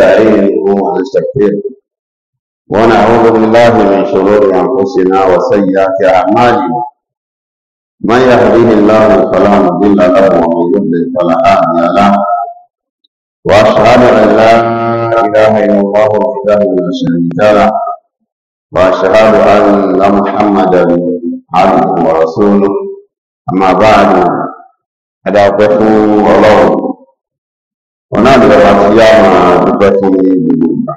ونستعينه ونستغفره ونعوذ بالله من شرور أنفسنا وسيئات أعمالنا من يهديه الله فلا مضل له ومن يضلل فلا هادي له وأشهد أن لا إله إلا الله وحده لا شريك له وأشهد أن محمدا عبده ورسوله أما بعد هذا الله wọn na lọ́wọ́ bá ti yá máa dúpẹ́ fún ní gbogbo ìgbà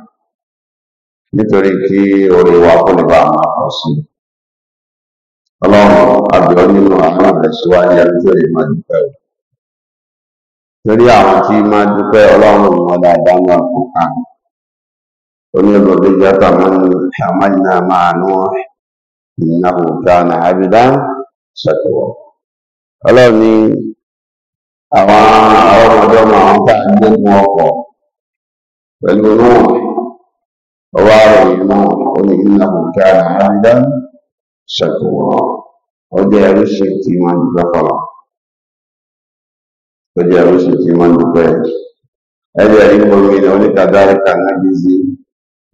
nítorí kí orí wa kò lè bá máa pọ̀ sí i ọlọ́run àbẹ̀wò nínú àwọn máa dúpẹ́ o torí àwọn tí máa dúpẹ́ ọlọ́run wọn dáadáa àwọn àwọn ọmọdé ọmọ àwọn tá à ń gbé fún ọkọ pẹ̀lú náà ọwọ́ àròyìn náà ó ní iná bùkẹ́ àrà àrídá ṣàkóso ọjọ́ ẹrú ṣe tí máa ń dúpẹ́ fọlọ́ ọjọ́ ẹrú ṣe tí máa ń dúpẹ́ ẹjọ́ ẹ̀rí gbomi ilẹ̀ oníkàdáríkà náà gbé sí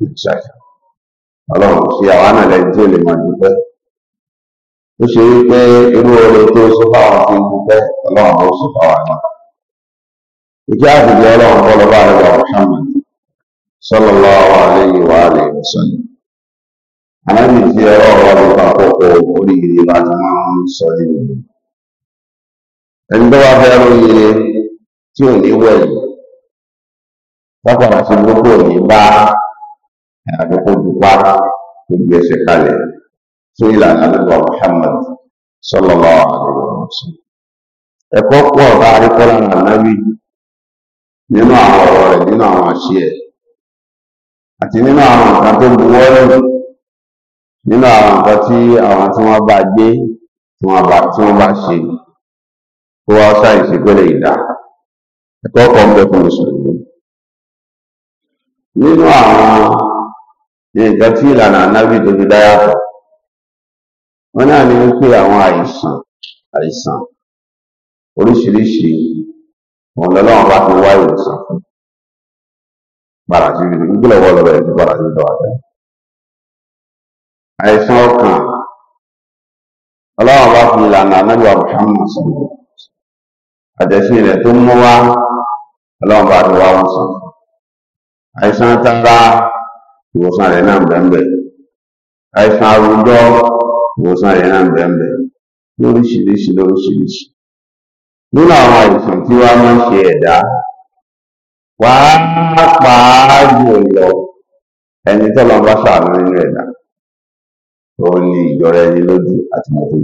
ìṣàkóso ọlọ́run fi àwọn àlẹ́ tí ó lè máa dúpẹ́. ó ṣe wí pé irú oore tó sọ fáwọn tí ń dúpẹ́ ọlọ́run ló sọ fáwọn náà ìjẹ́ àbùjẹ ọlọ́run bọ́ lọ́ba rẹ̀ wà Muhammad sallallahu alaihi wa alihi wasallam ànábì fi ọ̀rọ̀ ọ̀rọ̀ nípa àkókò oríire bá ti máa ń sọ nínú ẹni tó bá fẹ́ oríire tí ò ní wẹ̀ yìí pápá àti gbogbo ò bá àdókò dupá gbogbo ẹsẹ̀ kalẹ̀. fún ìlànà Muhammad sallallahu alaihi wasallam ẹ̀kọ́ pọ̀ ọba arípọ́ na nábì nínú àwọn ọrọ rẹ nínú àwọn àṣẹ àti nínú àwọn nǹkan tó nínú àwọn nǹkan tí àwọn tí wọ́n bá gbé tí wọ́n bá tí wọ́n bá ṣe kó wá ìdá ẹ̀kọ́ wọn náà ní wípé àwọn àìsàn àìsàn oríṣiríṣi òun lọ́lọ́run bá fi wá ìwòsàn fún bàrà sí ibi ìgbìlẹ̀ wọ́n lọ bẹ̀rẹ̀ sí bàrà àìsàn ọkàn ọlọ́run bá fi ìlànà anábìá Muhammad sọ̀rọ̀ àjẹsìn rẹ̀ tó mú wá ọlọ́run bá fi wá wọn sàn. àìsàn tara ìwòsàn wòsàn na náà bẹ́ẹ̀ lóríṣiríṣi lóríṣiríṣi nínú àwọn tí wàá máa ṣe ẹ̀dá pàápàá jùlọ ẹni tọ́lọ ẹ̀dá ni ẹni àwọn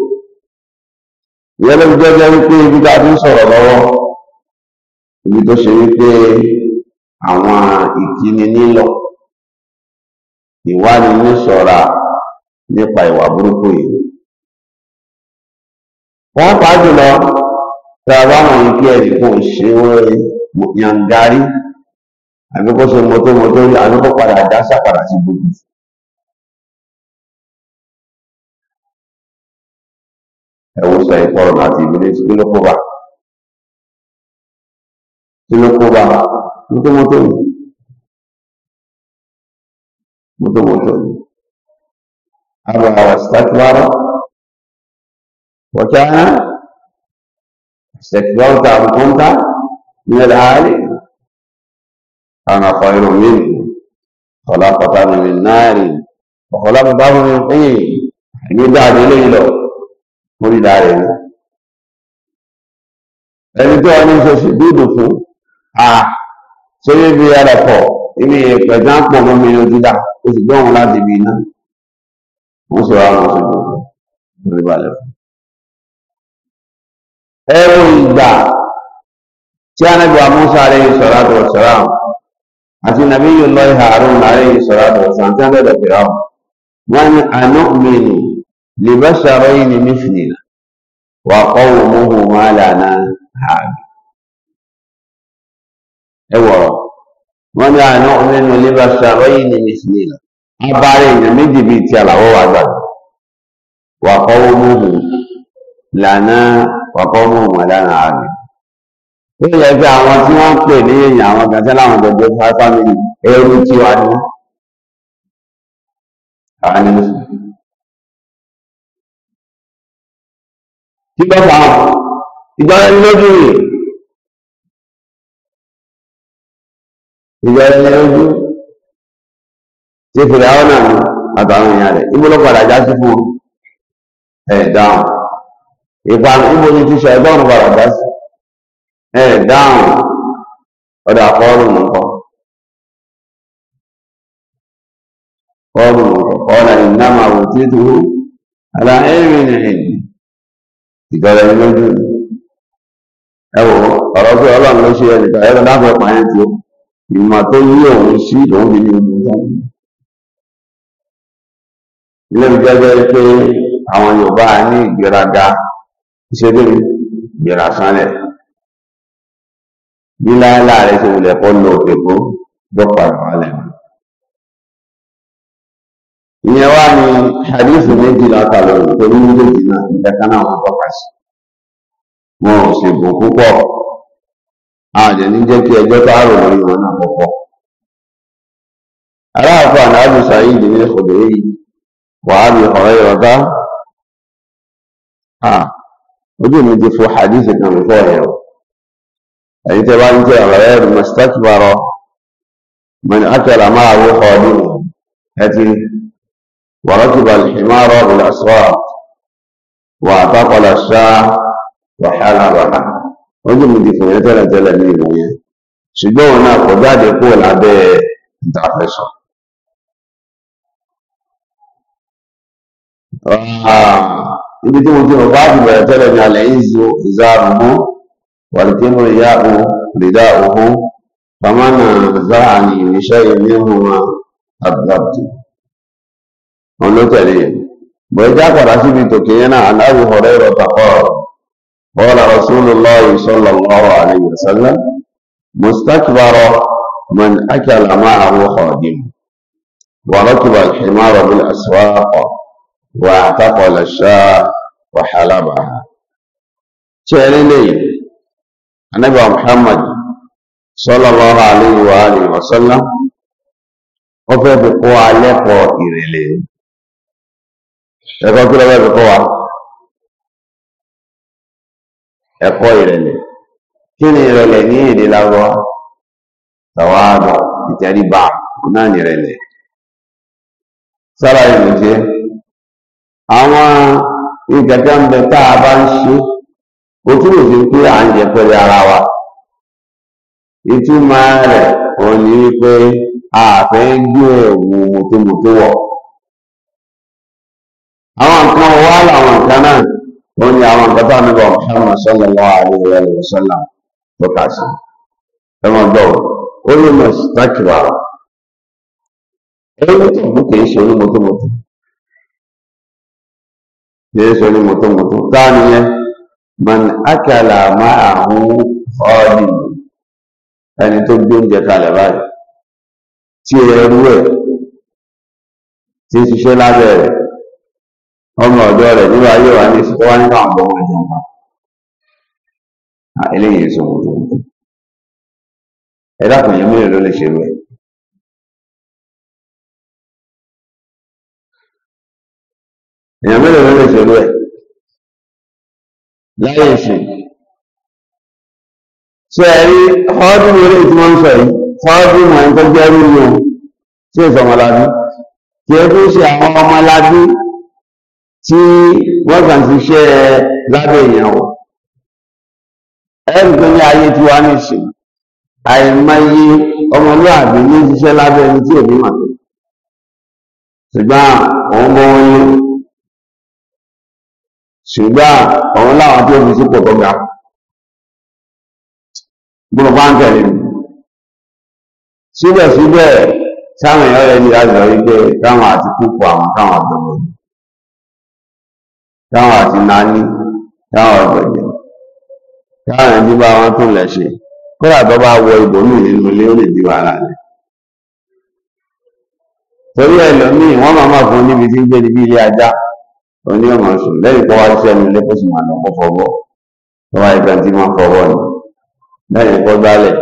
ìyẹn ló jẹ́jẹ́ wípé ibi tá a ti ń sọ̀rọ̀ lọ́wọ́ ibi tó ṣe wípé àwọn ìkíni nílọ̀ ìwániníṣọ̀ra nípa ìwà burúkú yìí wọ́n pàá jùlọ tí a bá mọ̀ ní kí ẹnì kan ṣe yàngarí àbíkó ṣe mọ́tò mọ́tò àbíkó padà dá sápàdà sí gbogbo ẹwọ sọ ẹ̀kọ́ ọ̀rọ̀ àti ìmúlẹ tí kí ló kó bá kí ló kó bá nítorí mọ́tò yìí mọ́tò mọ́tò yìí àbá wàsítákìwárọ wọkẹ ẹhán sẹkìwárọ tá àbùkún tá nílẹ̀ àárẹ àwọn afọ irun mi ọlá pàtàkì mi náà rí ọlá pàtàkì orí ìdá ní ẹni tó ọdún ṣe ṣe dúdú fún ibi ẹrọ̀pọ̀ ibi ìpẹ̀jọ́ pọ̀ mọ́mi ojú dá o sì gbọ́ láti ibi iná wọ́n sọ a nàgbà Musa alayhi salatu wa salam àti Nabiyullahi Harun alayhi salatu wa salam لبشرين مثلنا وقومهما لنا عابد ẹwọ̀rọ̀ wọ́n ní àná nínú لبشرين مثلنا abáre èèyàn méjì bíi ti àlàwọ̀ wà gbàgbé وقومهما لنا وقومهما لنا عابد ó yẹ pé àwọn tí wọ́n ń pè ní èèyàn àwọn kan tẹ́lẹ̀ àwọn gbogbo fáfámìlì ẹrú tí wà ní àwọn ẹni mùsùlùmí Ìgbọ́ta ndị rẹ̀. Ìgbọ́nilójú ti fèrè àwọn náà àtàwọn èèyàn rẹ̀. Ibo já sí fún ẹ̀ dáhùn. Ìpanu ibo ti sọ ẹgbọ́n padà já sí. Ẹ dáhùn ọ̀dà kọ́ọ̀rù nìkan. Kọ́ọ̀rù nìkan. Kọ́ọ̀rù ìnáma òtítù. Àlà ìgbàlẹ̀ ní lójú ni ẹ wò ọ̀rọ̀ pé ọlọ́run ló ṣe ẹnì kan ẹ̀rọ dábọ̀ ẹ̀pà yẹn ti o ìmọ̀ tó yí òun sí òun fi ní ogun tán ilé mi jẹ́jẹ́ pé àwọn Yorùbá ní ìgbéraga ìṣẹ́gbẹ́ ìgbéra sánlẹ̀ bí láéláà rẹ̀ ṣe wulẹ̀ kọ́ òkè kó dọ́pàá lọ́wọ́ lẹ́nu. ìyẹn wá ní hadithu méjì láta lọ́nà torí náà ìkẹta náà wọn tọ́ka sí wọn ò sì gùn púpọ̀ àdè ní jẹ́ kí ẹjọ́ tá rò lórí wọn náà púpọ̀ aláàfáà ní abu sa'id ní ìfòdòrí wàhálì ọ̀rẹ́ ọ̀dá ojú mi ti fo hadithu kan fọ́ bá ń وركب الحمار بالأسواق واعتقل الأشياء وحال الرحى وجه من ذلك يتلى تلى من المية قداد يقول عبي انت عفشا يبدو من ذلك وقاد يتلى من العز إزاره والكم رياءه رداؤه فمن زرعني بشيء منهما الضبط òun ló tẹ̀lé yẹn bọ̀ọ́jà padà síbi tòkè yẹn náà aláwọ̀ ọ̀rẹ́ rẹ̀ tàkọ́ bọ́ọ̀lá rasulullah sallallahu alayhi wa sallam mustakbaro man akala ma'ahu khadim wa rakiba al-himar bil aswaq wa ataqala ash-shaa wa halabaha tẹ̀lé lẹ́yìn muhammad sallallahu alayhi wa alihi wa sallam ó kó alẹ́ kọ ìrẹ̀lẹ̀ yìí ẹ̀kọ́ kí lọ́wọ́ ẹ̀kọ́ wa ẹ̀kọ́ ìrẹ̀lẹ̀ kí ni ìrẹ̀lẹ̀ ní èdè lágbọ́ tàwáàdọ̀ ìtẹríba náà ní ìrẹ̀lẹ̀ sára ìlú jẹ́ àwọn ìkẹ̀kẹ́ ń bẹ tá a bá ń ṣe ó wa ìtumọ̀ rẹ̀ òní wípé a fẹ́ gbé ẹ̀wù mọ̀tòmọ̀tò wọ̀. àwọn nǹkan wà láwọn nǹkan náà ó ní àwọn nǹkan tó àmì bọ̀ Muhammad sallallahu alayhi wa sallam tó kà sí ẹmọ gbọ́ ó ní mọ̀ sítákìwà ẹni tó mú kìí ṣe onímọ̀tòmọ̀tò kìí ṣe onímọ̀tòmọ̀tò táà nìyẹn man akala ma'ahu ọ̀dìmù ẹni tó gbé oúnjẹ kalẹ̀ báyìí tí ẹrú ẹ̀ tí ń ṣiṣẹ́ lábẹ́ rẹ̀ ọmọ ọ̀dọ́ rẹ̀ nínú ayé wa ní ìsìnkú wá nínú àwọn ọmọ ìjọba ah, eléyìí èso wò ló ń bọ̀ ẹ dákun yẹn mílíọ̀nù ló lè ṣe rẹ̀ èèyàn mélòó ló lè ṣerú ẹ̀ láyé ìsìn ṣe ẹ rí ọdún orí tí wọ́n ń sọ yìí fọ́ọ̀dún mọ̀ ń tọ́jú ẹrú ni o ṣé ìsọmọlábí kì í tún ṣe àwọn ọmọlábí tí wọ́n kàn ti ṣẹ́ lábẹ́ èèyàn wọ̀ ẹ̀rù tó ní ayé tí wá ní ṣe àìmọye ọmọlúàbí ní ṣiṣẹ́ lábẹ́ ẹni tí òní màá ṣùgbọ́n òun bọ́ wọn ní ṣùgbọ́n òun láwọn tó fi sípò tó ga bí bá ń tẹ̀lé mi síbẹ̀síbẹ̀ sáwọn èèyàn rẹ̀ ní láti wípé káwọn àti púpọ̀ àwọn káwọn àjọmọ̀ táwọn àti nání táwọn ọ̀gbẹ̀gbẹ̀ táwọn ẹni bá wọn tún lẹ̀ ṣe kódà tó bá wọ ibòmíì nínú ilé ó lè di wàhálà rẹ̀ torí ẹlòmíì wọ́n máa máa fún níbi tí ń gbé níbi ilé ajá oní ọmọ sùn lẹ́yìn kó wá ṣiṣẹ́ mi lẹ́kọ̀ọ́ sì máa lọ́kọ́ fọwọ́ tó wá ìgbà tí máa fọwọ́ ni lẹ́yìn kó gbálẹ̀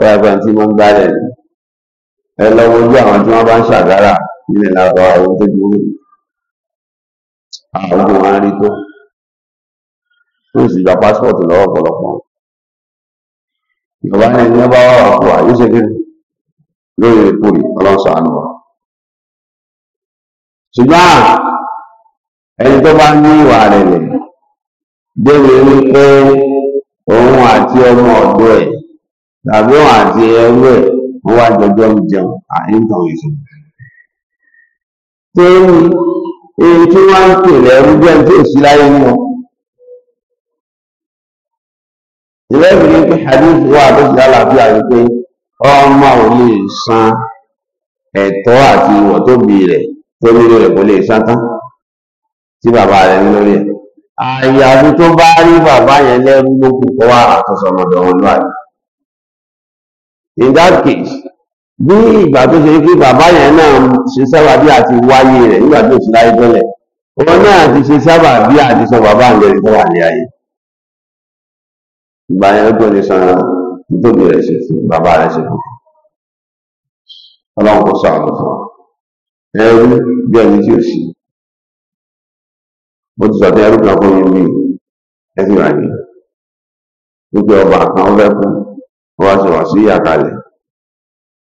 tó wá ìgbà tí máa ń ni ẹ lọ wojú àwọn tí wọ́n bá ń ṣàgárà nílẹ̀ lábọ́ àwọn tó ju ojú wọn rí tó tó sì gba pásítọ̀tì lọ́wọ́ ọ̀pọ̀lọpọ̀ ìjọba ní ẹni bá wà wàkú wà yóò ṣe kí lórí epo rí ọlọ́sọ àánú wa ṣùgbọ́n ẹni tó bá ní ìwà rẹ̀ lẹ̀ débi òun àti ọmọ ọ̀dọ́ ẹ̀ tàbí èyí tí wọ́n ń pè lẹ́rú jẹ́ tí ò sí láyé ní wọn. ìrẹ́bì ní pé hadith wà tó ti lálàáfíà yìí pé ọmọ ò lè san ẹ̀tọ́ àti ìwọ̀ tó bí rẹ̀ tó nílò rẹ̀ kò lè san tán tí bàbá rẹ̀ ní lórí ẹ̀. àyàfi tó bá rí bàbá yẹn lẹ́rú ló kù kọ́ wà àtọ̀sọ̀mọ̀dọ̀ ọ̀nà àyè. in that case bí ìgbà tó ṣe pé bàbá yẹn náà ṣe sábà bí àti wáyé rẹ̀ nígbà tó ṣe láyé tẹ́lẹ̀ wọn náà ti ṣe sábà bí àti sọ bàbá àgbẹ̀rẹ̀ tó wà ní ayé ìgbà yẹn tó ní san nítorí rẹ̀ ṣe fún bàbá rẹ̀ ṣe fún ọlọ́run kò sọ àwọn fún ẹrú bí ẹni tí ò sí mo ti sọ pé ẹrú kan fún mi bí ẹsìn wáyé wípé ọba kan fẹ́ kú wọ́n wá ṣe wà sí ìyá kalẹ̀.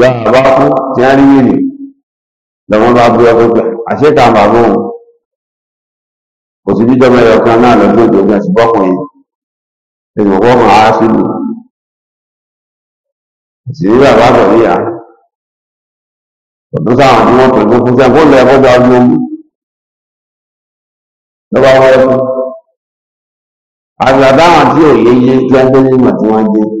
ya bàbá kú tí wọ́n rí yìnyín lọ́mọ bá bú ọkọ̀ gbà àṣetà bàbá òun kò sí jíjọ́ mẹ́rin ọ̀kan ihe. lọ́dún òjò gan ṣùgbọ́n kò yìí èèyàn kọ́ mọ̀ á sí lù kò sí rí bàbá bọ̀ níyà ọdún sáwọn tí wọ́n pè fún fún sẹ́ńkó lọ da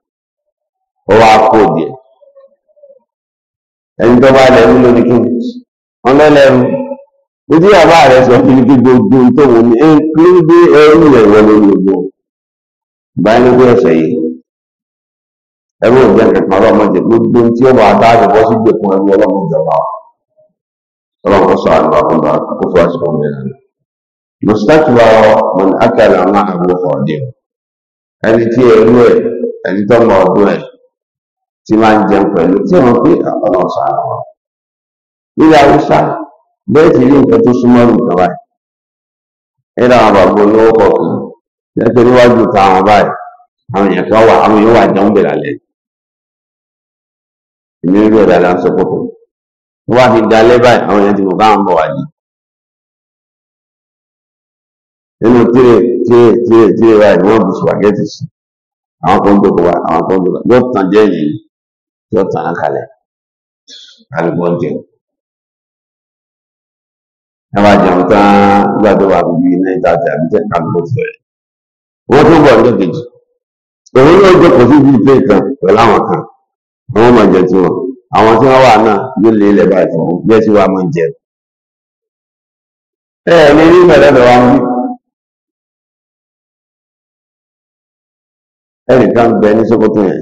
ó wá kó díẹ̀ ẹni tó bá lẹ́nu lórí kí wọ́n lẹ́lẹ́nu ojú bàbá rẹ̀ sọ fún mi kí gbogbo tó wù mí ń kí ń gbé ẹrú rẹ̀ wọ lórí gbogbo ìbánilógún ẹ̀sẹ̀ yìí ẹrú òjẹ́ kankan ọlọ́mọdé gbogbo tí ó bá a dáàbò bọ́ sí gbèkún ẹrú ọlọ́mọdé ọba ọlọ́mọdé sọ àlọ́ ọmọdé kó fún àṣọ ọmọdé náà mùsùlùmí mọ̀n akẹ́lẹ̀ ọmọ àbúrò ọ̀dẹ́ ẹni tí ẹrú ẹ̀ ẹni tó mọ ọdún ẹ̀ tí máa ń jẹun pẹ̀lú tí wọ́n pé ọ̀nà ara wọn. nílẹ̀ haúsá bẹ́ẹ̀ ti rí nǹkan tó súnmọ́ nǹkan báyìí. ẹ dáhùn àbàbò olówó kọ̀ọ̀kan lẹ́tọ́ níwájú ta àwọn báyìí àwọn èèyàn kan wà àwọn èèyàn wà jẹun bẹ̀rẹ̀ alẹ́. rí ọ̀dà pọ̀pọ̀. wọ́n wá fi báyìí àwọn èèyàn ti mọ̀ bọ̀ nínú báyìí wọ́n sí àwọn kan yóò tàn án kalẹ̀ alùpùpù jẹun ẹ wá jẹun tán nígbà tó wà bíbí iná ìtajà àbí tẹ̀ka ló fẹ́ wọ́n tó bọ̀ ọjọ́ kejì òun yóò jókòó sí ibi ìpè kan pẹ̀lú àwọn kan àwọn ọmọ jẹ tiwọn àwọn tí wọ́n wà náà yóò lé ilẹ̀ báyìí fún un bí ẹ ti wá máa ń jẹ ẹ ní ní ìbẹ̀rẹ̀ lọ wá ń bí ẹnìkan bẹ ní Sókótó yẹn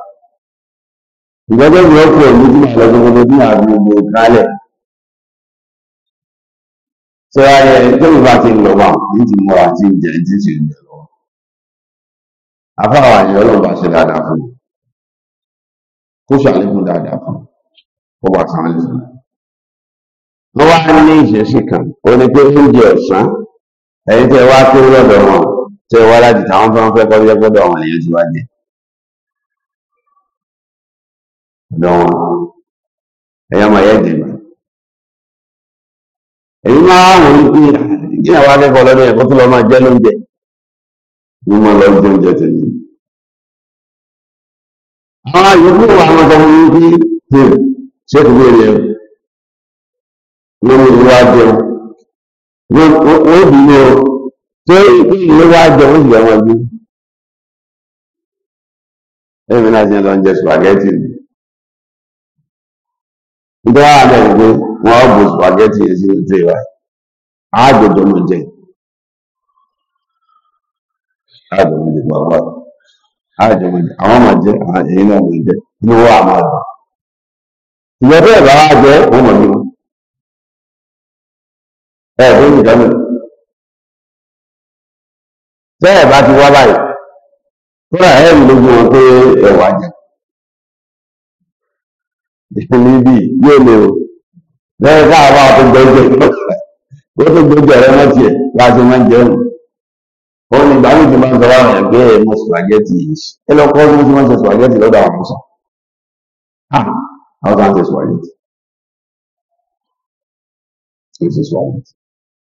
ìgbẹ́jọ́ ìwé ọkọ̀ òní tí ìṣẹ̀lẹ̀ gbogbo ní àbí gbogbo ìkálẹ̀ ṣe ayẹ tó bí bá ti ń lọ wà ní ti mọ àti ìjẹ tí ṣe ń lọ afáwà ni ọlọ́run bá ṣe dáadáa fún kó ṣàlékún dáadáa fún kó wà sàn án lẹ́sìn wọ́n wá ní ìṣesí kan ó ní pé oúnjẹ ọ̀sán ẹ̀yin tẹ́ wá kéré wọn tẹ́ wá láti táwọn fẹ́ fẹ́ kọ́ bí ẹgbọ́dọ̀ àwọn èèyàn ti wá jẹ n'ọnwa ya ma ya dị èyí máa wò ó pé kí àwọn akẹ́kọ̀ọ́ lọ́dún na tó lọ máa jẹ́ lóúnjẹ ló máa lọ jẹ oúnjẹ tẹ̀lé àwọn yòókù àwọn ọmọ yìí kí ṣe ṣe kò béèrè ẹ̀ wọ́n mú wa o wa Ndị agha na-ekwu na ọ bụ spageti ezinụlọ Ibrahim, àwọn ọmọ jẹ́ àwọn èyí náà wọ́n jẹ́ ní wọ́n n'ụwa ọ̀dọ̀. ti níbi yóò lè o lẹ́yìn káàbá tó gbẹ́jẹ́ ó tó gbẹ́jẹ́ rẹ mọ́ tiẹ̀ láti máa ń jẹun ó ní ìgbà wo ti máa ń sọ láwọn ẹ̀ bẹ́ẹ̀ mọ spaghetti ẹ lọ kọ́ bí wọ́n ṣe spaghetti lọ́dọ̀ àwọn mọ́sán àwọn sáà ń ṣe spaghetti kì í ṣe spaghetti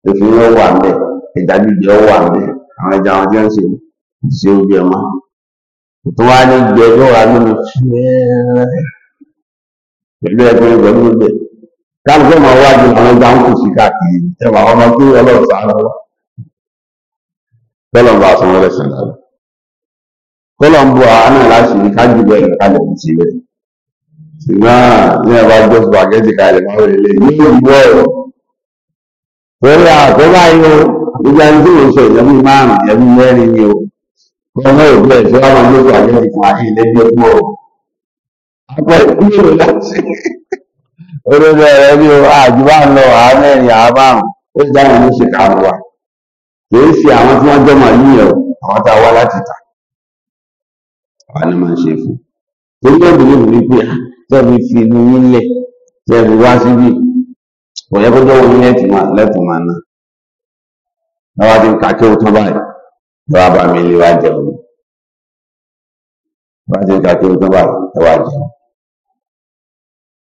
òfin yóò wà ńbẹ ẹja gbígbẹ ó wà ńbẹ àwọn ẹja wọn tí wọ́n ṣe ṣe oúnjẹ mọ́ tó wá ní gbẹ tó nínú fẹ́ẹ́rẹ́ pẹ̀lú ẹgbẹ́ ìwẹ̀ ní ibẹ̀ káàkiri ọmọ wájú àwọn ọgbà ń kù sí káàkiri ẹwà ọmọ tó ọlọ́ọ̀sà ara wa tọ́lọ̀ ń bá aṣọ wọn lẹ́sìn náà tọ́lọ̀ ń bu àánà láti rí kájú bẹ́ẹ̀ ní kálẹ̀ ní spaghetti máa wọlé lé ní ìlú ọ̀rọ̀ ìgbà tí mo sọ márùn-ún mẹ́rin ni o pẹ̀lú láti orúkọ rẹ̀ bí o ń lọ àámẹ́rin àbáhùn ó dáhùn ní ṣìkà wa kìí ṣe àwọn tí wọ́n a wá láti máa ṣe fún torí pé fi inú yín lẹ̀ wá síbí kò yẹ kó lẹ́tùn máa ná ka tán báyìí lọ́wọ́ bá mi lè wá jẹun ti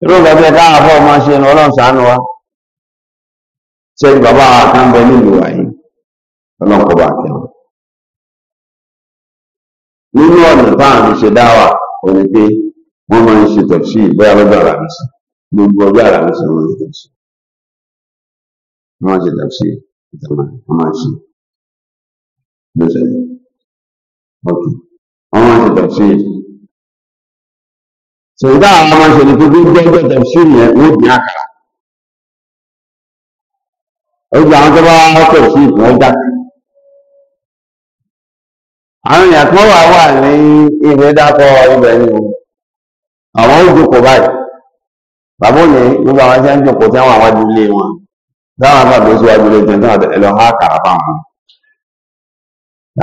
irú ìgbàgbé káwọn afọ máa ṣe ní ọlọ́run ṣàánú wa ṣe ni bàbá wa kan bẹ nílùú wa yìí ọlọ́run kò bá kẹwọn nínú ọ̀nà táwọn fi ṣe dáwà òní pé wọ́n máa ń ṣe tẹ̀sí ìbẹ́yà lọ́jọ́ àràmísì gbogbo ọjọ́ àràmísì wọ́n ṣe tẹ̀sí wọ́n ṣe tẹ̀sí ìtàmà wọ́n máa ṣe lọ́sẹ̀ ọ̀tún wọ́n máa ṣe tẹ̀sí so ìdá àwọn ọmọ ìṣẹ̀lẹ̀ tó gbé gbẹ́gbẹ́ tẹ̀síìrì yẹn wọ́n gbìn àkàrà ọjọ́ àwọn tó bá wá pọ̀ sí ìpín ọjà àwọn èèyàn kan wà wà ní ilé dákọ ibẹ̀ ni o àwọn ó jókòó báyìí bàbá òní gbogbo àwọn tí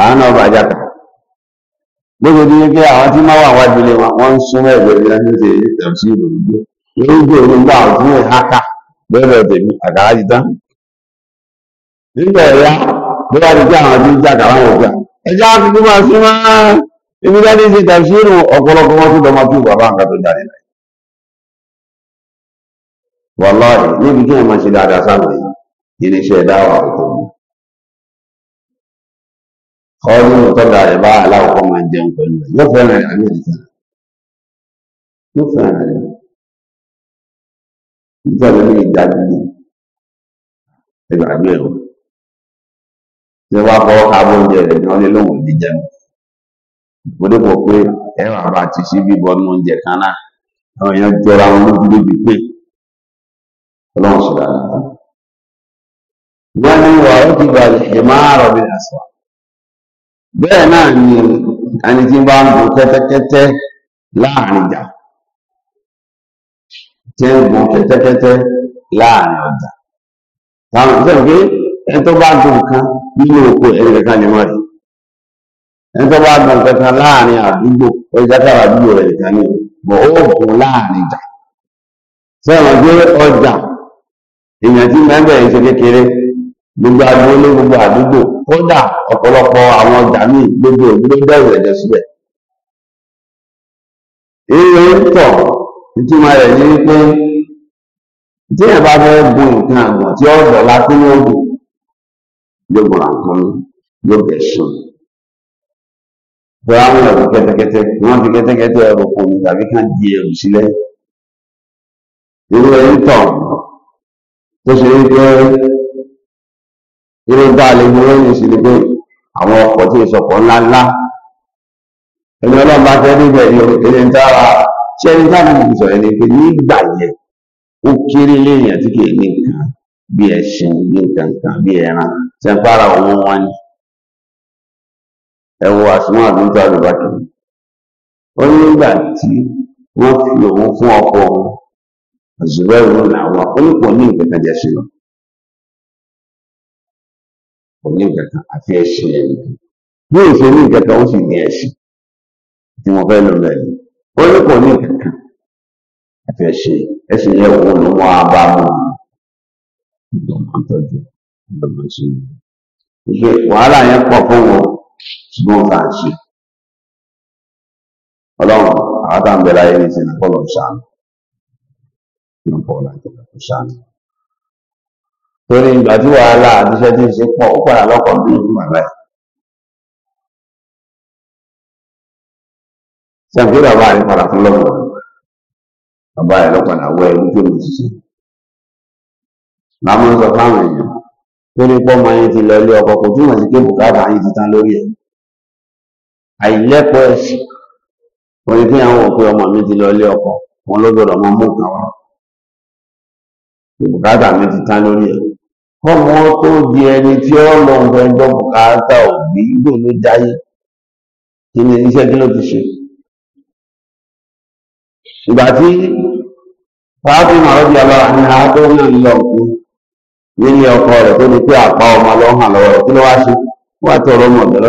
wọ́n jókòó tí lóko tí pé àwọn tí máa wà wájú lé wọn wọn ń súnmọ́ ẹgbẹ́ bí wọn ṣe ṣe tẹ̀sí sí ìròyìn gbé irúgbó òru ń bá àwọn tí wọn háká bẹ́ẹ̀ tèmi àkàrà ti tán. nígbà ẹ̀yà bí wọ́n ti gbé àwọn tí ń jà kàrà wọn gbà ẹjọ́ àkókò máa sí máa ibi dáadé ṣe tẹ̀sí ìrù ọ̀pọ̀lọpọ̀ wọn tún dọ́mọ bàbá nǹkan tó jáde láì. wàláhì níbi kí wọn máa ṣe dáadáa sáwọn yìí irinṣẹ́ dáwà ọ̀tọ̀ ń jẹun pẹ̀lú rẹ̀ yóò fẹ́ràn rẹ̀ àbí ẹ̀ka yóò fẹ́ràn rẹ̀ ìjọ rẹ̀ ní ìjà gbogbo ìgbàgbé ẹ̀rọ tí wọ́n bá fọwọ́ ká bó oúnjẹ rẹ̀ ní wọ́n lé lóhùn ní jẹun mo dépò pé ẹ̀rọ àbá ti ṣí bíbọ nínú oúnjẹ kan náà àwọn èèyàn jọra wọn lójú lójú pé ọlọ́run ṣe dáadáa wọ́n ní wàá ó ti gbà ẹ̀máàrọ̀ bí àṣà bẹ́ẹ̀ náà ni ẹni tí ń bá ń gun kẹ́tẹ́kẹ́tẹ́ láàrin ìjà tí ń gun kẹ́tẹ́kẹ́tẹ́ láàrin ọjà táwọn ìṣẹ̀lẹ̀ pé ẹni tó bá gun nǹkan nínú oko ẹni kankan ni wọ́n rí ẹni tó bá gun kankan láàrin àdúgbò ọjà kára àdúgbò rẹ̀ nìkan ni bọ̀ ó gun láàrin ìjà sẹ́wọ̀n gbé ọjà èèyàn tí mẹ́bẹ̀ẹ́ ṣe kékeré gbogbo agboolé gbogbo àdúgbò kódà ọ̀pọ̀lọpọ̀ àwọn ọjà míì gbogbo òdúró bẹ̀rù ẹ̀jẹ̀ síbẹ̀. eré ń tọ̀ ìtumọ̀ rẹ̀ ní pé tí ẹ̀ bá fẹ́ gun nǹkan àgbọ̀n tí ó dọ̀la tí ní ògùn yóò gbọ̀n àǹkan mi yóò bẹ̀ sùn. bẹ́ẹ̀ àwọn ẹ̀rù kẹ́tẹ́kẹ́tẹ́ wọ́n fi kẹ́tẹ́kẹ́tẹ́ ẹ̀rù kò ní tàbí kàn di ẹ̀rù sílẹ̀. eré ń tọ̀ tó ṣe é irú bá a lè mú lóyún sí ni pé àwọn ọkọ̀ tí ìsọ̀kọ̀ ńlá ńlá ẹni ọlọ́run bá fẹ́ níbẹ̀ ni ẹni tára tí ẹni tára ní ẹni pé nígbà yẹn ó kéré léèyàn tí kì í ní nǹkan bí ẹṣin bí nǹkan fi òun fún ọkọ òun làwọn ó ní kò ní nǹkan kan kò àti ẹ̀ṣẹ̀ ẹni bí òṣè ní ìkankan sì ní ẹ̀ṣẹ̀ tí wọ́n fẹ́ lọ mẹ́rin ó ní kò ní àti ẹ̀ṣẹ̀ ẹ̀ṣẹ̀ yẹn òun ló wọ́n á bá mú ìgbà máa tọ́jú ìgbà ìṣe wàhálà yẹn pọ̀ fún wọn ṣùgbọ́n kà ṣe ọlọ́run àwọn táwọn bẹ̀rẹ̀ ayé ní ìsìn náà kọ́ lọ́ọ́ ṣàánú kí wọ́n pọ̀ láti torí ìgbà tí wàhálà àtiṣẹ́ tí ń ṣe pọ̀ ó padà lọ́kọ̀ bí ojú màmá ẹ̀. sẹ́ńtì bàbá rẹ̀ padà fún lọ́wọ́ bàbá rẹ̀ wọ lè sọ fáwọn èèyàn ti lọ ilé ọkọ kò sí ti tán lórí ẹ̀. àìlẹ́kọ̀ọ́ ẹ̀sìn orí fi ọmọ mi ti lọ ilé ọkọ ọ tó di ẹni tí ó lọ nǹkan ẹjọ́ bùkátà òbí gbò ló jáyé kí ni iṣẹ́ kí ló ti ṣe ìgbà tí fàájú màá di ọlọ́ra ní àádọ́ náà lọ nílé ọkọ rẹ̀ tó ní pé àpá ọmọ lọ hàn lọ́wọ́ rẹ̀ kí ló wá ṣe wá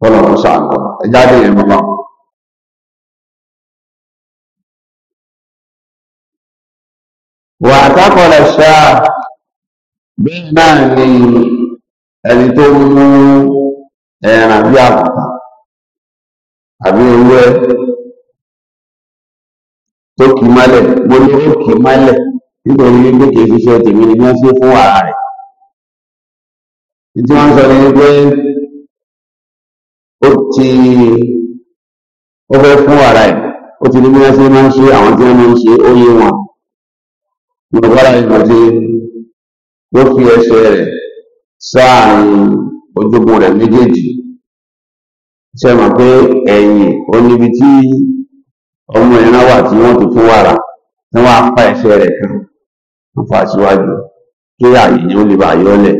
kọlọ̀kọ̀ sàǹkọ̀ ẹjáde yẹn mọ́ wà àtàkọ̀lẹ̀ ṣáà bí náà ni ẹni tó mú ẹran bí àkùtà àbí ewúrẹ́ tó kì mọ́lẹ̀ mo ní ó kì mọ́lẹ̀ nítorí wípé kì í ti ó fẹ́ fún ara ẹ̀ ó ti ní bí wọ́n ṣe máa ń ṣe àwọn tí wọ́n máa ń ṣe ó yé wọn yorùbá ìgbà tí ló fi ẹsẹ̀ rẹ̀ sáàrin ojúgun rẹ̀ méjèèjì ṣe mọ̀ pé ẹ̀yìn ó níbi tí ọmọ ìran wà tí wọ́n ti fún wàrà tí wọ́n á kan wọ́n fà síwájú kí àyè ni ó lè bá yọ́lẹ̀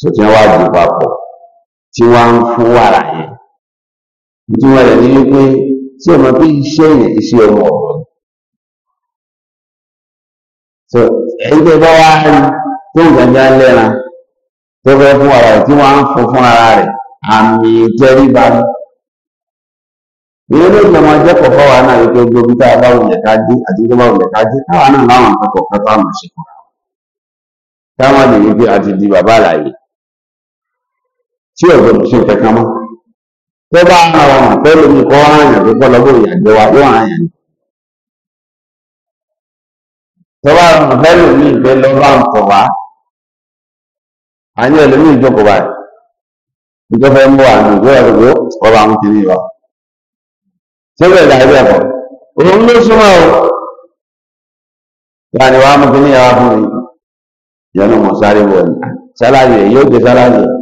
sọ tí wọ́n ìtumọ̀ rẹ̀ ní wípé tí ọmọ pé iṣẹ́ yẹn iṣẹ́ ọmọ ọ̀rọ̀ ni. tó bá wá rí tó ara rẹ̀ tí wọ́n á fún fún ara rẹ̀ àmì tá a bá wùlẹ̀ ká dé àti tó bá wùlẹ̀ ká dé náà láwọn tó tó bá àwọn àfẹ́ lómi kọ́ àyàn tó kọ́ lọ́gbọ̀n ìyàjọ wa yóò àyàn ni tó bá àwọn àfẹ́ lómi ìfẹ́ lọ bá ń kọ̀ wá àyàn ẹlòmí ìjókòó báyìí ìjọba ẹ mú àmì ìjọ ẹ̀rọ ọba àwọn kìíní wa síbẹ̀ dàbí ẹ̀kọ́ òun ló súnmọ́ o yàrá ni wàá mú kìíní yàrá fún mi ìyọnu mọ̀ sáré wọ̀ ni sálárì yóò dé sálárì yìí.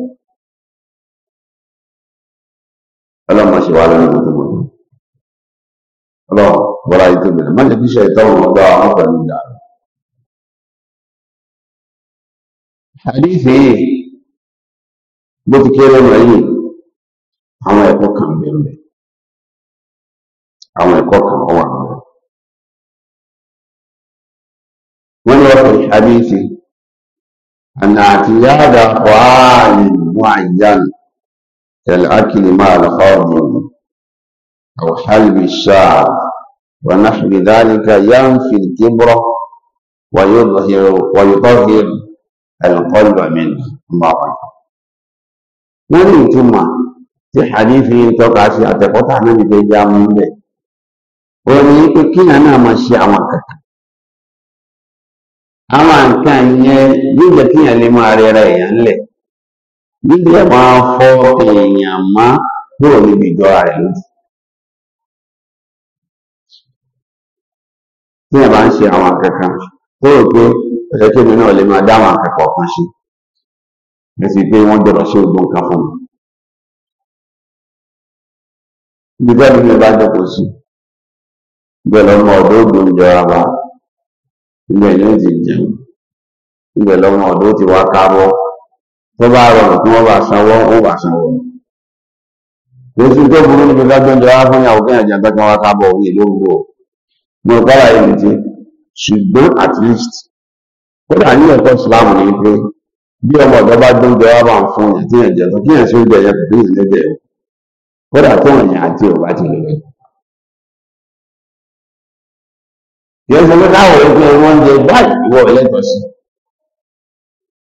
ọlọ́mọ ṣe wá lórí gbogbogbò ọlọ́run bọ́lá yìí tó bẹ̀rẹ̀ má jẹ́ kí iṣẹ́ ìtọ́run ọgbà wọn pẹ̀lú ìjà rẹ̀. àdìsí bó ti kéré ọmọ yìí àwọn ẹ̀kọ́ kan bẹ̀rẹ̀ àwọn ẹ̀kọ́ kan ọwọ́ àwọn rẹ̀. wọ́n ní ọkọ̀ àdìsí àná àti yáàdà ọ̀hánì mú àyíyá nù. الأكل مع الخرم أو حلب الشعر ونحو ذلك ينفي الكبر ويظهر ويظهر القلب منه الله أكبر ومن نعم، ثم في حديث توقع في أتقطع من بيجا من بيت ومن كنا نعم الشيعة مكة أما أن كان يوجد فيها لما أريد أن يعني. lílẹ̀ máa fọ́ èèyàn má kúrò níbi ìjọra rẹ̀ lójú. Tí ẹ̀ bá ń ṣe àwọn akẹ́kọ̀ọ́, ó rò pé ẹ̀rẹ́ tó mi náà lè máa dá àwọn akẹ́kọ̀ọ́ kan ṣe. Ẹ sì pé wọ́n gbọ́dọ̀ ṣe ògbó nǹkan fún mi. Ibi bẹ́ẹ̀ ni mi bá jókòó sí. Ibẹ̀ lọ́mọ ọ̀dọ́ ògbó ń jọra wa. Ibẹ̀ ni ó ti jẹun. Ibẹ̀ lọ́mọ ọ̀dọ́ ti wá kábọ́ tó bá rọrùn kí wọ́n bá sanwó ó bá sanwó ni. lóṣù tó burú níbi dájọ́ ìjọba fún ìyàwó kẹ́yìn àjàǹtà kan wá kábọ̀ òun èlò òwò mo rò kára yìí nìtí ṣùgbọ́n at least kódà ní ẹ̀kọ́ ìsìláàmù ni pé bí ọmọ ọ̀dọ́ bá dún jẹ wá bá ń fún yàn tí yàn jẹ tán kí yàn ṣe oúnjẹ yẹn kò kéèyàn lẹ́jẹ̀ ẹ̀ kódà tó yàn àti ò bá ti lè lọ. yẹn ṣe pé káwọn ogun ẹ̀ wọ́n ń jẹ báyìí ìwọ ẹlẹ́tọ̀ọ́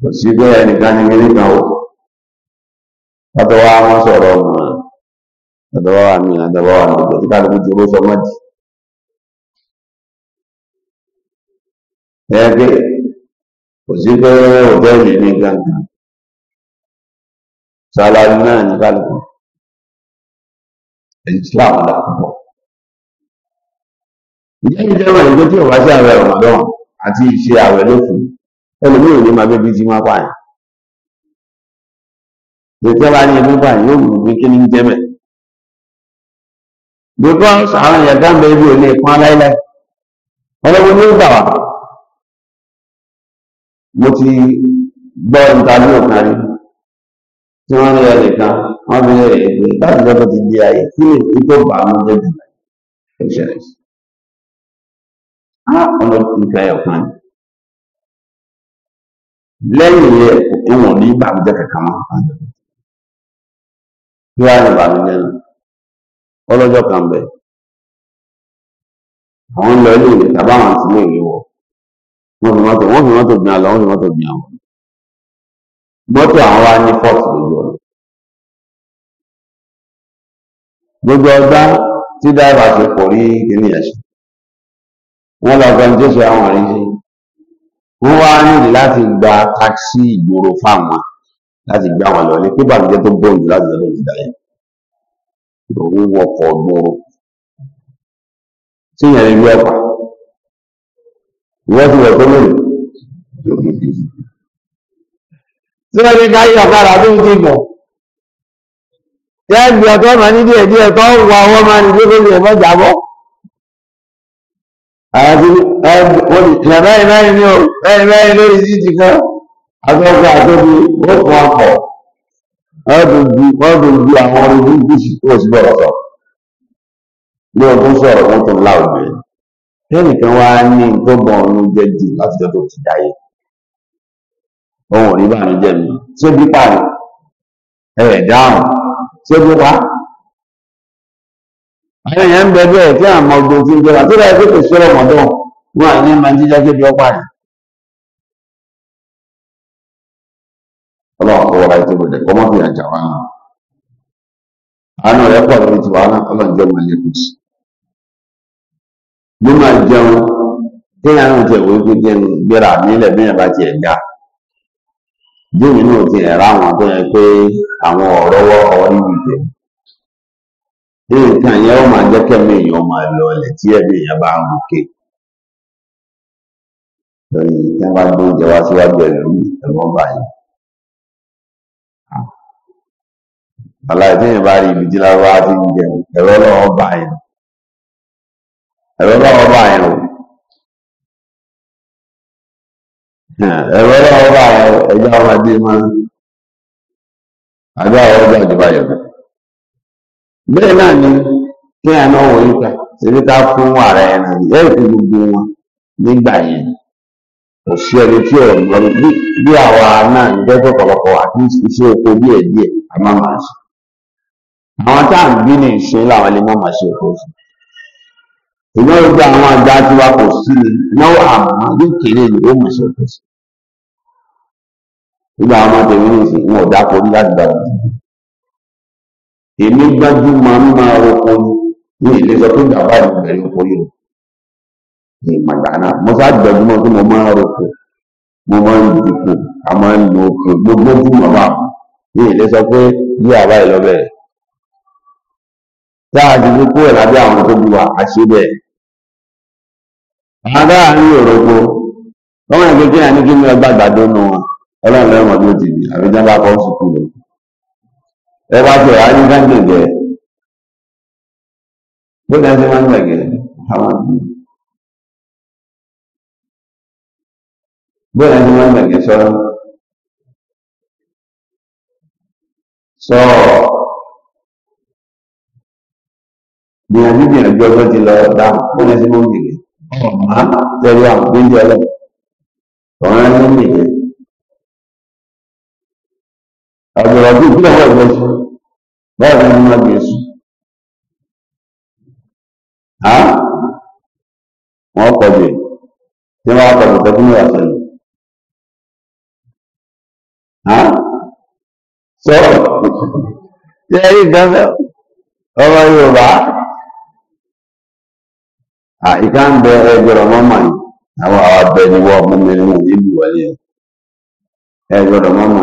kò sí bẹ́ẹ̀ nìkan ní ilé kan o ọ̀dọ̀ wa wọ́n sọ̀rọ̀ ọmọ ọ̀dọ̀ wa wà ní ọ̀dọ̀ wa wà ní ọ̀dọ̀ tí kálukú ti ró sọmọ́ jì ẹ pé kò sí pé òtẹ́ẹ̀lì ní gbàngàn sálárì náà ní kálukú èyí tí làwọn dà púpọ̀ ìjẹ́ ìjẹ́ wọn ìgbé tí àwẹ̀ ọ̀mọ̀dọ́n àti ìṣe àwẹ̀ lófin ẹlòmíràn ní máa bẹ́bí ti máa pààyàn tètè bá ní ẹbí pààyàn yóò mú pé kí ni ń jẹ́mẹ̀ because àwọn èèyàn dáńbẹ́ ibi ò lè pọn aláìláì ọlọ́wọ́ ní ó gbà wá mo ti gbọ́ ìtàbí ọ̀kan rí tí wọ́n ní ẹnìkan wọ́n fi lè rè pé láti lọ́dọ̀ ti di ayé kí lè kí tó bà á mọ́ jù lọ ìṣẹ̀lẹ̀ sí. ọmọ nǹkan ẹ̀kan ni lẹ́yìn yẹn kò tó wọn ní ìbànújẹ́ kankan mọ́ kí wàá ní ìbànújẹ́ náà ọlọ́jọ́ kan bẹ̀ àwọn ń lọ ilé ìwé tàbí àwọn àti ilé ìwé wọ wọ́n fi mọ́tò wọ́n fi mọ́tò gbìn àlọ́ wọ́n fi mọ́tò gbìn àwọn mọ́tò àwọn wa ní fọ́ọ̀tù lójú ọ̀nà gbogbo ọgbà tí dáìbà ti pọ̀ rí kíní ẹ̀ṣẹ̀ wọ́n lọ gan jésù àwọn àríṣe wọ́n wá nílì láti gba takisí ìgboro fáwọn láti gbá wọn lọ ní pé bàbá tó bọ̀ jù láti lọ́dọ̀ ìgbà yẹn òun wọkọ̀ gbòòrò tí ìyẹn lè gbé ọ̀pá ìwọ́n ti wọ̀ tó lónìí tí wọ́n ti káyé ọ̀kadà tó ń dìbò tí wọ́n gbé ọ̀tọ́ ọ̀mà ní díẹ̀ díẹ̀ wọ ọwọ́ máa ní tó lónìí ẹ̀mọ́ ìyá báyìí báyìí ní o báyìí báyìí lórí títì kan atọ́ka àtọ́bi wọ́n kọ́ akọ̀ wọ́n tó ju àwọn ọmọ ogun gúúsù tó wọ́n sì bọ̀rọ̀ sọ ní ọdún sọ̀rọ̀ wọ́n tó láwùjọ yìí tẹ́nìkan wá ní gbọ́gbọ́n ọ̀run jẹ́ jù láti jọ tó ti dáyé ohun ìbànújẹ́ mi ṣé bí pààrọ̀ ẹ̀ dáhùn ṣé bí pa àwọn èèyàn ń bẹ bẹ́ẹ̀ tí àwọn ọgbọ̀n ti ń jẹ́ àti láì pé kò sí wọn àní máa ń jíjá kébi ọpá rẹ̀. ọlọ́run kọ́ wọlé tó bẹ̀rẹ̀ kọ́ fi àjà wá náà. àánú rẹ̀ pọ̀ náà ọlọ́run jẹ́ ọmọ ilé máa jẹun tí n gbéra nílẹ̀ bí yẹn bá ga. bí mi náà bí nǹkan yẹn ó máa jẹ́ kẹ́mi èèyàn máa lọ tí èèyàn bá ń tí wọ́n bá gbé oúnjẹ wá síwájú báyìí. tí èèyàn bá rí ibi tí ti ń jẹun ẹ̀rọ lọ́wọ́ báyìí ẹ̀rọ lọ́wọ́ báyìí ẹ̀rọ lọ́wọ́ báyìí bẹ́ẹ̀ náà ni kí ẹ náà wọ yíká ṣèbí ká fún ààrẹ ẹ̀ náà ẹ̀ kú gbogbo wọn nígbà yẹn kò sí ẹni tí ò lọ bí àwa náà ń jẹ́ pọ̀pọ̀lọpọ̀ àti iṣẹ́ oko díẹ̀ díẹ̀ a máa máa ṣe àwọn tá à ń bí ní ìṣe làwọn lè má máa ṣe oko sí ìgbọ́n gbogbo àwọn àgbà tí wa kò sí ni náwó àmọ́ yóò kéré ni ó máa ṣe oko sí nígbà àwọn ọmọ tèmi nìsín wọn ò dáko ní láti èmi gbájú máa ń máa roko ní ilé sọ pé bàbá ìlú bẹ̀rẹ̀ oko yìí ní ìmàgbà náà mo sá gbẹ̀dúmọ̀ pé mo máa ń roko mo máa ń dìpò a máa ń lo oko gbogbo fún bàbá sọ pé bí bàbá bẹ̀rẹ̀ tá a ti fi lábẹ́ àwọn tó bí wa ẹ wá jẹ àá ní gángègè bó ní ẹsẹ máa ń gbàgẹ àwọn àbí bó ní ẹsẹ máa ń gbàgẹ sọ̀rọ̀ sọ gbìyànjú gbìyànjú ọjọ́ ti lọ dáhùn bó ní ẹsẹ máa ń gbàgẹ ọmọ tẹlẹ àwọn gbẹjọ lọ ọ̀ràn ló ń gbàgẹ. ọ jụrụ ọjụ ikpe ha egosi bọọlụ mma ga-eso ha wọn kọjọ tí wọn kọjọ tó fún ìwà ha sọ ṣe é gbẹmẹ ọmọ Yorùbá à ìka ń bẹ ẹgbẹrọ mọmọ yìí àwọn àwọn abụọ ni wọn mú mi ní ìlú wọlé ẹgbẹrọ mọmọ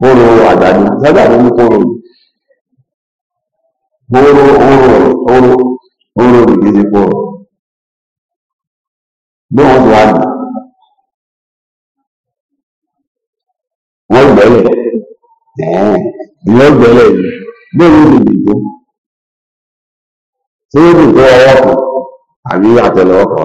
kóró àgbàdo sábàdó ní kóró kóró oró oru oru nìkí sí oru bí wọ́n ti wá dùn wọ́n gbẹ́lẹ̀ ìyẹn gbẹ́lẹ̀ yìí bẹ́ẹ̀ ló lè dìbò tí ó dùn tó ọwọ́ kan àbí àtẹ́lẹwọ́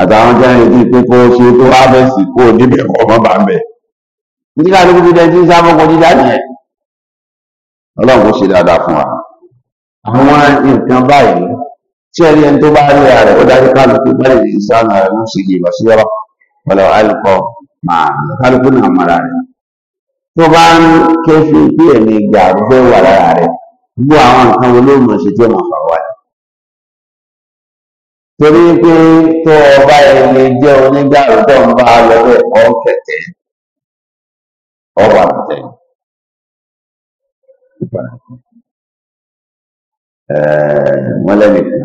àtàwọn jẹ́ ìdí pé kó ṣe tó kó níbẹ̀ ọmọ bá ń bẹ̀. Ní ká lóko dídẹ tí ń sá fọ́kọ dídá nìyẹn. Ọlọ́run kò ṣe dáadáa fún wa. Àwọn nǹkan báyìí tí ẹni ẹni tó bá rí ara rẹ̀ ó dájú kálukú báyìí ní rẹ̀ ń ṣe pẹ̀lú àìlùkọ kálukú náà rẹ̀. Tó bá gbogbo àwọn nǹkan olóòmọ̀ ṣe tí ó máa fà torí pé tó ọba ẹni jẹ́ onígbàrú tó ń bá lọ bẹ́ẹ̀ ọ̀ kẹ̀tẹ́ ọba kẹ̀tẹ́ wọ́n lẹ́nìkan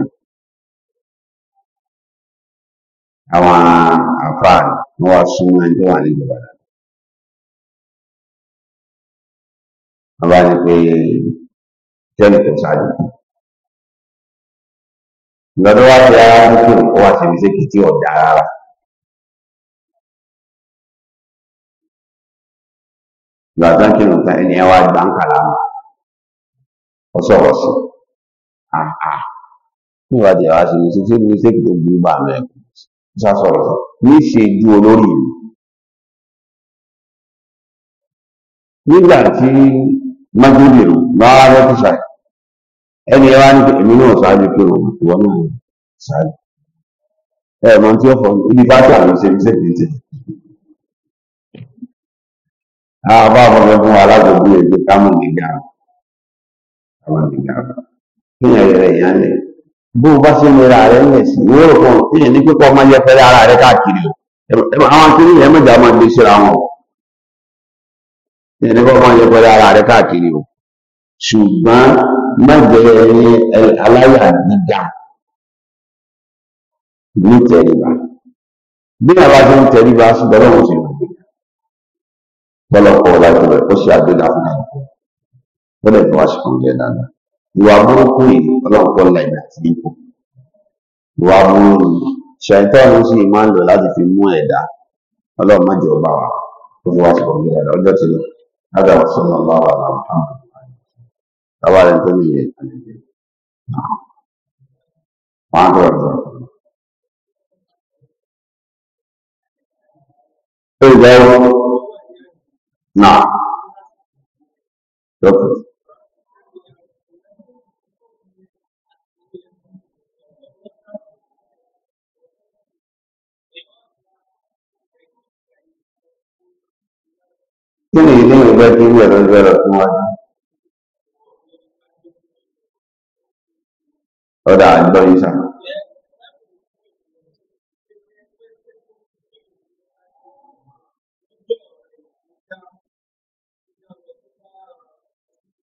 àwọn àfáà wọ́n wá súnmọ́ ẹni tó wà ní ìjọba rẹ̀ wọ́n bá ní pé jẹ́nì kò ṣáájú. ìgbà tó wá fi ara dúkù ó wà ṣe mistake tí ọ̀dà rárá ìgbà tó ń kírun ẹni ẹ wá gbà ń kàlà ọ sọ̀rọ̀ sí ẹ̀kọ́ sá sọ̀rọ̀ sí níṣe ju olórí nígbà tí e ẹ wá ní èmi náà ṣáájú pé òun ìwọ náà ṣáájú ẹ mọ tí ó fọ ibi bá tí àwọn ṣe ṣe àwọn bá fún wa alágbègbè ẹgbẹ́ kámọ̀ nígbà àwọn nígbà kéèyàn yẹrẹ èèyàn lẹ̀ bó o bá ṣe ń rẹ lẹ̀ sí ìwé rò kéèyàn ní pípọ́ máa yẹpẹrẹ ara rẹ káàkiri o àwọn akéwì yẹn mọ̀jà ṣùgbọ́n mọ́jẹ̀ẹ́rin aláyà gíga ní tẹríba bí àwa tó ń tẹríba ṣùgbọ́n lọ́wọ́ sí ìwọ̀n gíga pọ́lọpọ̀ ọ̀làjú rẹ̀ ó ṣe àgbéga fún àwọn bọ́lẹ̀ fún àṣìkò ilẹ̀ dáadáa ìwà burúkú yìí ọlọ́pọ̀ lẹ́yìn àti ipò ìwà burúkú ṣàìtọ́nù sì máa ń lò láti fi mú ẹ̀dá ọlọ́run ọba wa ó fi wá ṣùgbọ́n ilẹ̀ ọjọ́ ti lọ lágbàá sọ́nà ọlọ́run àwọn àmọ́ సవాళ్ళతోనే మాట్లాడతాం నా ఇదే ఇదే రెండు వేల ọ̀dà àgbọ̀ ìṣà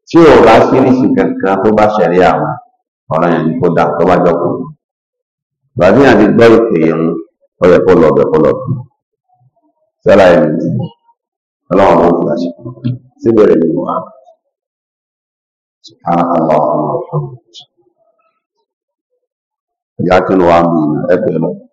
tí ò bá síríṣì kankan tó bá ṣẹ̀rí àwọn ọ̀ràn yẹn ni kó dà tó bá jọkọ̀ bàbí àti gbọ́ ìpè ìrún ọ̀rẹ́ kó lọ ìyá kí ló wá ń bí iná ẹ